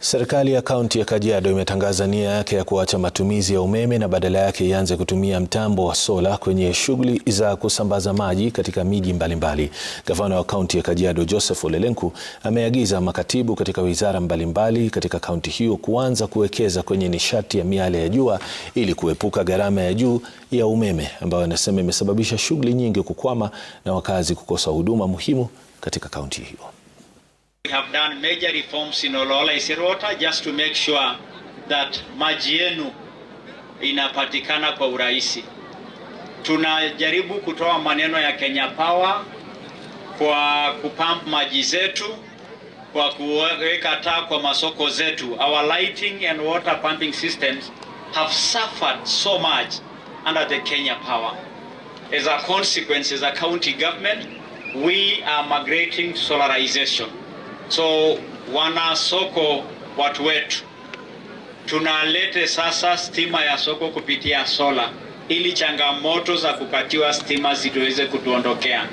Serikali ya kaunti ya Kajiado imetangaza nia yake ya kuacha matumizi ya umeme na badala yake ianze kutumia mtambo wa sola kwenye shughuli za kusambaza maji katika miji mbalimbali. Gavana wa kaunti ya Kajiado Joseph Ole Lenku ameagiza makatibu katika wizara mbalimbali katika kaunti hiyo kuanza kuwekeza kwenye nishati ya miale ya jua ili kuepuka gharama ya juu ya umeme ambayo anasema imesababisha shughuli nyingi kukwama na wakazi kukosa huduma muhimu katika kaunti hiyo. We have done major reforms in Olola Isirota just to make sure that maji yenu inapatikana kwa urahisi. Tunajaribu kutoa maneno ya Kenya Power kwa kupump maji zetu, kwa kuweka taa kwa masoko zetu. Our lighting and water pumping systems have suffered so much under the Kenya Power. As a consequence, as a county government, we are migrating to solarization. So wana soko watu wetu, tunalete sasa stima ya soko kupitia sola ili changamoto za kukatiwa stima zituweze kutuondokea.